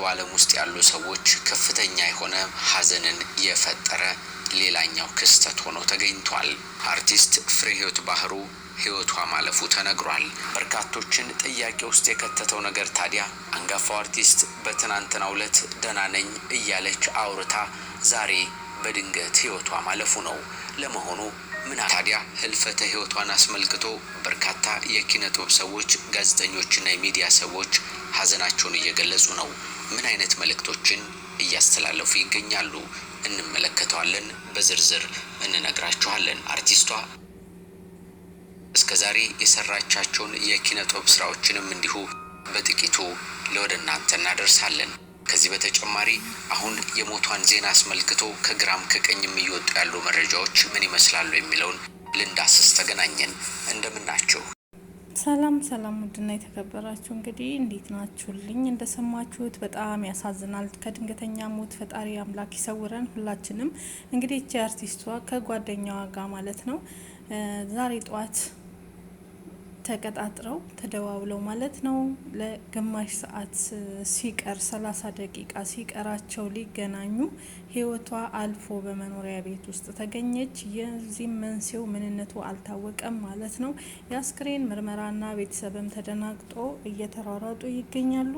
በዓለም ውስጥ ያሉ ሰዎች ከፍተኛ የሆነ ሀዘንን የፈጠረ ሌላኛው ክስተት ሆኖ ተገኝቷል። አርቲስት ፍሬህይወት ባህሩ ህይወቷ ማለፉ ተነግሯል። በርካቶችን ጥያቄ ውስጥ የከተተው ነገር ታዲያ አንጋፋው አርቲስት በትናንትናው ዕለት ደህና ነኝ እያለች አውርታ ዛሬ በድንገት ህይወቷ ማለፉ ነው። ለመሆኑ ምን ታዲያ ህልፈተ ህይወቷን አስመልክቶ በርካታ የኪነ ጥበብ ሰዎች፣ ጋዜጠኞችና የሚዲያ ሰዎች ሀዘናቸውን እየገለጹ ነው። ምን አይነት መልእክቶችን እያስተላለፉ ይገኛሉ? እንመለከተዋለን፣ በዝርዝር እንነግራችኋለን። አርቲስቷ እስከ ዛሬ የሰራቻቸውን የኪነ ስራዎችንም እንዲሁ በጥቂቱ ለወደ እናንተ እናደርሳለን። ከዚህ በተጨማሪ አሁን የሞቷን ዜና አስመልክቶ ከግራም ከቀኝም እየወጡ ያሉ መረጃዎች ምን ይመስላሉ የሚለውን ልንዳስስ ተገናኘን። እንደምናቸው ሰላም ሰላም፣ ውድና የተከበራችሁ እንግዲህ እንዴት ናችሁልኝ? እንደሰማችሁት በጣም ያሳዝናል። ከድንገተኛ ሞት ፈጣሪ አምላክ ይሰውረን ሁላችንም። እንግዲህ እቺ አርቲስቷ ከጓደኛዋ ጋር ማለት ነው ዛሬ ጠዋት ተቀጣጥረው ተደዋውለው ማለት ነው ለግማሽ ሰዓት ሲቀር ሰላሳ ደቂቃ ሲቀራቸው ሊገናኙ ህይወቷ አልፎ በመኖሪያ ቤት ውስጥ ተገኘች። የዚህም መንስኤው ምንነቱ አልታወቀም ማለት ነው። የአስክሬን ምርመራና ቤተሰብም ተደናግጦ እየተሯሯጡ ይገኛሉ።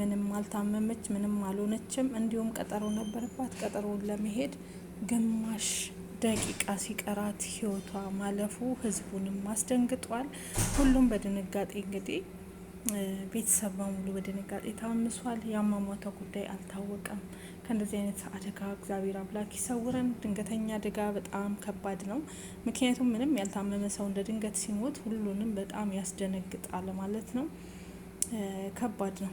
ምንም አልታመመች፣ ምንም አልሆነችም። እንዲሁም ቀጠሮ ነበረባት። ቀጠሮውን ለመሄድ ግማሽ ደቂቃ ሲቀራት ህይወቷ ማለፉ ህዝቡንም አስደንግጧል። ሁሉም በድንጋጤ እንግዲህ ቤተሰብ በሙሉ በድንጋጤ ታምሷል። የአሟሟቷ ጉዳይ አልታወቀም። ከእንደዚህ አይነት አደጋ እግዚአብሔር አምላክ ይሰውረን። ድንገተኛ አደጋ በጣም ከባድ ነው። ምክንያቱም ምንም ያልታመመ ሰው እንደ ድንገት ሲሞት ሁሉንም በጣም ያስደነግጣል ማለት ነው። ከባድ ነው።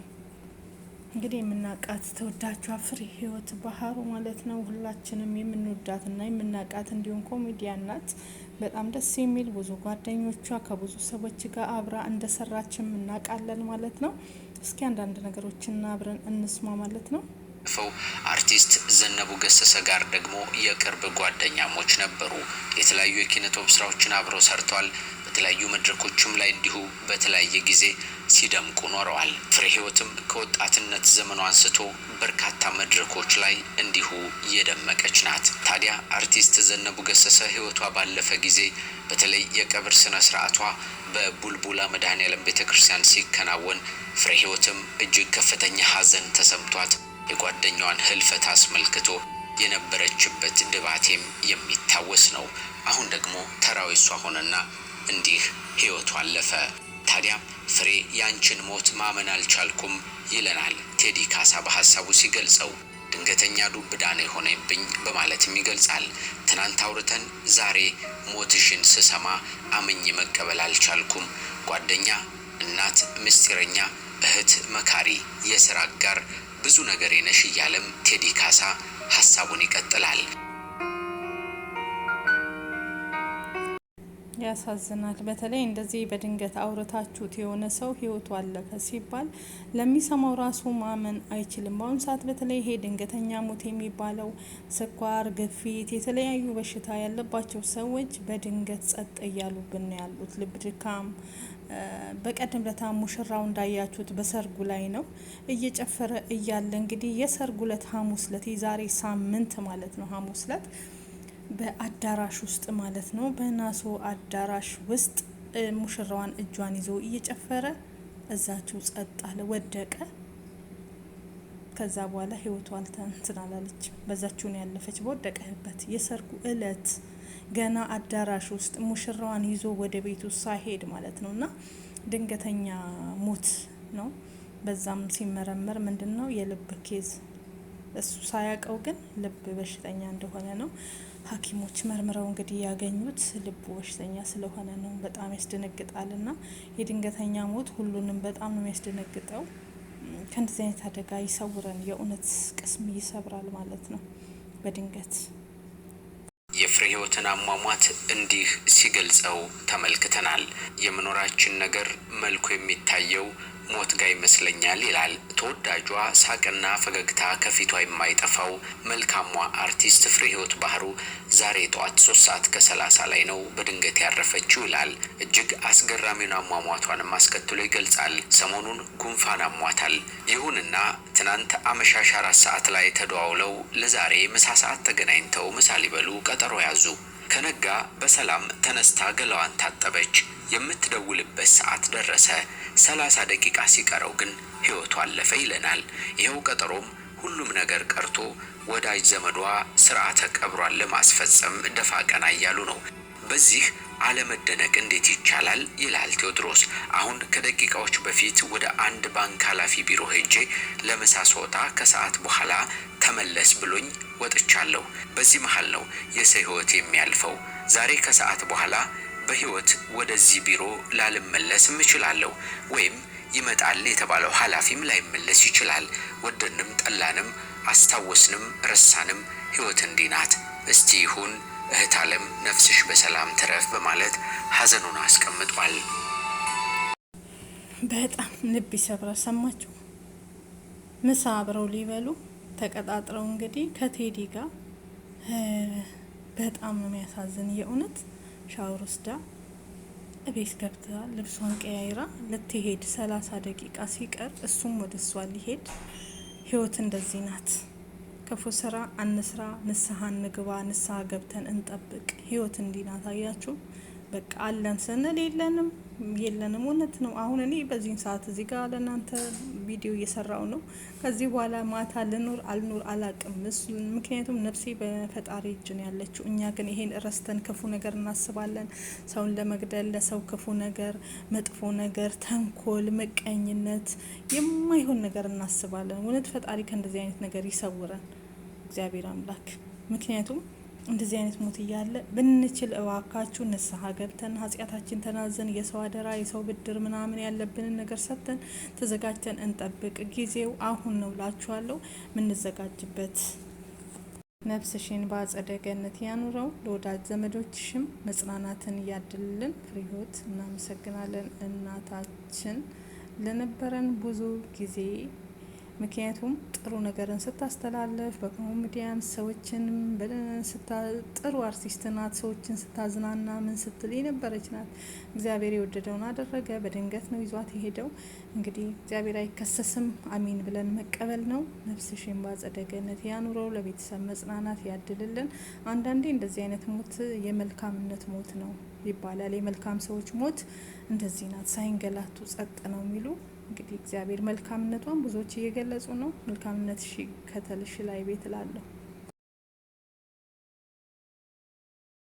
እንግዲህ የምናቃት ተወዳጇ ፍሬ ህይወት ባህሩ ማለት ነው። ሁላችንም የምንወዳት እና የምናቃት እንዲሁም ኮሜዲያ ናት። በጣም ደስ የሚል ብዙ ጓደኞቿ ከብዙ ሰዎች ጋር አብራ እንደሰራችም እናቃለን ማለት ነው። እስኪ አንዳንድ ነገሮችን አብረን እንስማ ማለት ነው። አርቲስት ዘነቡ ገሰሰ ጋር ደግሞ የቅርብ ጓደኛሞች ነበሩ። የተለያዩ የኪነ ስራዎችን አብረው ሰርተዋል። በተለያዩ መድረኮችም ላይ እንዲሁ በተለያየ ጊዜ ሲደምቁ ኖረዋል። ፍሬ ህይወትም ከወጣትነት ዘመኗ አንስቶ በርካታ መድረኮች ላይ እንዲሁ የደመቀች ናት። ታዲያ አርቲስት ዘነቡ ገሰሰ ህይወቷ ባለፈ ጊዜ በተለይ የቀብር ስነ ስርዓቷ በቡልቡላ መድኃኔ ያለም ቤተ ክርስቲያን ሲከናወን ፍሬ ህይወትም እጅግ ከፍተኛ ሀዘን ተሰምቷት የጓደኛዋን ህልፈት አስመልክቶ የነበረችበት ድባቴም የሚታወስ ነው። አሁን ደግሞ ተራው እሷ ሆነና እንዲህ ህይወቱ አለፈ። ታዲያም ፍሬ ያንችን ሞት ማመን አልቻልኩም ይለናል ቴዲ ካሳ በሀሳቡ ሲገልጸው። ድንገተኛ ዱብ እዳ ነው የሆነብኝ በማለትም ይገልጻል። ትናንት አውርተን ዛሬ ሞትሽን ስሰማ አምኜ መቀበል አልቻልኩም። ጓደኛ፣ እናት፣ ምስጢረኛ፣ እህት፣ መካሪ፣ የስራ አጋር ብዙ ነገር የነሽ እያለም ቴዲ ካሳ ሀሳቡን ይቀጥላል። ያሳዝናል። በተለይ እንደዚህ በድንገት አውርታችሁት የሆነ ሰው ህይወቱ አለፈ ሲባል ለሚሰማው ራሱ ማመን አይችልም። በአሁኑ ሰዓት በተለይ ይሄ ድንገተኛ ሞት የሚባለው ስኳር፣ ግፊት፣ የተለያዩ በሽታ ያለባቸው ሰዎች በድንገት ጸጥ እያሉብን ያሉት ልብ ድካም በቀደም ለታ ሙሽራው እንዳያችሁት በሰርጉ ላይ ነው እየጨፈረ እያለ እንግዲህ የሰርጉ ለት ሐሙስ ለት የዛሬ ሳምንት ማለት ነው ሐሙስ ለት በአዳራሽ ውስጥ ማለት ነው በናሶ አዳራሽ ውስጥ ሙሽራዋን እጇን ይዞ እየጨፈረ እዛችሁ ጸጥ አለ፣ ወደቀ። ከዛ በኋላ ህይወቷ አልተንትናላለች። በዛችሁን ያለፈች በወደቀህበት የሰርጉ እለት ገና አዳራሽ ውስጥ ሙሽራዋን ይዞ ወደ ቤቱ ሳይሄድ ማለት ነው እና ድንገተኛ ሞት ነው። በዛም ሲመረመር ምንድን ነው የልብ ኬዝ እሱ ሳያውቀው ግን ልብ በሽተኛ እንደሆነ ነው ሐኪሞች መርምረው እንግዲህ ያገኙት ልቡ በሽተኛ ስለሆነ ነው። በጣም ያስደነግጣል እና የድንገተኛ ሞት ሁሉንም በጣም ነው የሚያስደነግጠው። ከእንደዚህ አይነት አደጋ ይሰውረን። የእውነት ቅስም ይሰብራል ማለት ነው በድንገት የህይወትን አሟሟት እንዲህ ሲገልጸው ተመልክተናል። የመኖራችን ነገር መልኩ የሚታየው ሞት ጋ ይመስለኛል ይላል ተወዳጇ ሳቅና ፈገግታ ከፊቷ የማይጠፋው መልካሟ አርቲስት ፍሬ ህይወት ባህሩ። ዛሬ ጠዋት ሶስት ሰዓት ከሰላሳ ላይ ነው በድንገት ያረፈችው ይላል። እጅግ አስገራሚውን አሟሟቷንም አስከትሎ ይገልጻል። ሰሞኑን ጉንፋን አሟታል። ይሁንና ትናንት አመሻሽ አራት ሰዓት ላይ ተደዋውለው ለዛሬ ምሳ ሰዓት ተገናኝተው ምሳ ሊበሉ ቀጠሮ ያዙ። ከነጋ በሰላም ተነስታ ገላዋን ታጠበች። የምትደውልበት ሰዓት ደረሰ። ሰላሳ ደቂቃ ሲቀረው ግን ህይወቱ አለፈ ይለናል። ይኸው ቀጠሮም ሁሉም ነገር ቀርቶ ወዳጅ ዘመዷ ስርዓተ ቀብሯን ለማስፈጸም ደፋ ቀና እያሉ ነው። በዚህ አለመደነቅ እንዴት ይቻላል? ይላል ቴዎድሮስ። አሁን ከደቂቃዎች በፊት ወደ አንድ ባንክ ኃላፊ ቢሮ ሄጄ ለምሳ ስወጣ ከሰዓት በኋላ ተመለስ ብሎኝ ወጥቻለሁ። በዚህ መሀል ነው የሰው ህይወት የሚያልፈው። ዛሬ ከሰዓት በኋላ በህይወት ወደዚህ ቢሮ ላልመለስም እችላለሁ ወይም ይመጣል የተባለው ኃላፊም ላይመለስ ይችላል። ወደንም ጠላንም አስታወስንም ረሳንም ህይወት እንዲህ ናት። እስቲ ይሁን እህት ዓለም ነፍስሽ በሰላም ትረፍ በማለት ሀዘኑን አስቀምጧል። በጣም ልብ ይሰብራል። ሰማችሁ? ምሳ አብረው ሊበሉ ተቀጣጥረው እንግዲህ ከቴዲ ጋር በጣም ነው የሚያሳዝን። የእውነት ሻወር ወስዳ እቤት ገብታ ልብሷን ቀያይራ ልትሄድ ሰላሳ ደቂቃ ሲቀር እሱም ወደ እሷ ሊሄድ ህይወት እንደዚህ ናት። ክፉ ስራ አንስራ፣ ንስሐን ንግባ፣ ንስሐ ገብተን እንጠብቅ። ህይወት እንዲህ በቃ አለን ስንል የለንም የለንም። እውነት ነው። አሁን እኔ በዚህን ሰዓት እዚህ ጋር ለእናንተ ቪዲዮ እየሰራው ነው። ከዚህ በኋላ ማታ ልኑር አልኑር አላቅም። ምክንያቱም ነፍሴ በፈጣሪ እጅ ነው ያለችው። እኛ ግን ይሄን እረስተን ክፉ ነገር እናስባለን። ሰውን ለመግደል ለሰው ክፉ ነገር፣ መጥፎ ነገር፣ ተንኮል፣ ምቀኝነት፣ የማይሆን ነገር እናስባለን። እውነት ፈጣሪ ከእንደዚህ አይነት ነገር ይሰውረን። እግዚአብሔር አምላክ። ምክንያቱም እንደዚህ አይነት ሞት እያለ ብንችል እባካችሁ ንስሐ ገብተን ኃጢአታችን ተናዘን የሰው አደራ የሰው ብድር ምናምን ያለብንን ነገር ሰጥተን ተዘጋጅተን እንጠብቅ። ጊዜው አሁን ነው ላችኋለሁ። የምንዘጋጅበት ነፍስሽን በአጸደ ገነት ያኑረው። ለወዳጅ ዘመዶችሽም መጽናናትን እያድልልን። ፍሪሆት እናመሰግናለን እናታችን ለነበረን ብዙ ጊዜ ምክንያቱም ጥሩ ነገርን ስታስተላልፍ በኮሜዲያን ሰዎችን ጥሩ አርቲስት ናት። ሰዎችን ስታዝናና ምን ስትል የነበረች ናት። እግዚአብሔር የወደደውን አደረገ። በድንገት ነው ይዟት የሄደው። እንግዲህ እግዚአብሔር አይከሰስም፣ አሚን ብለን መቀበል ነው። ነፍስሽን በአጸደ ገነት ያኑረው፣ ለቤተሰብ መጽናናት ያድልልን። አንዳንዴ እንደዚህ አይነት ሞት የመልካምነት ሞት ነው ይባላል። የመልካም ሰዎች ሞት እንደዚህ ናት፣ ሳይንገላቱ ጸጥ ነው የሚሉ እንግዲህ እግዚአብሔር መልካምነቷን ብዙዎች እየገለጹ ነው። መልካምነት ሺ ከተልሽ ላይ ቤት ላለሁ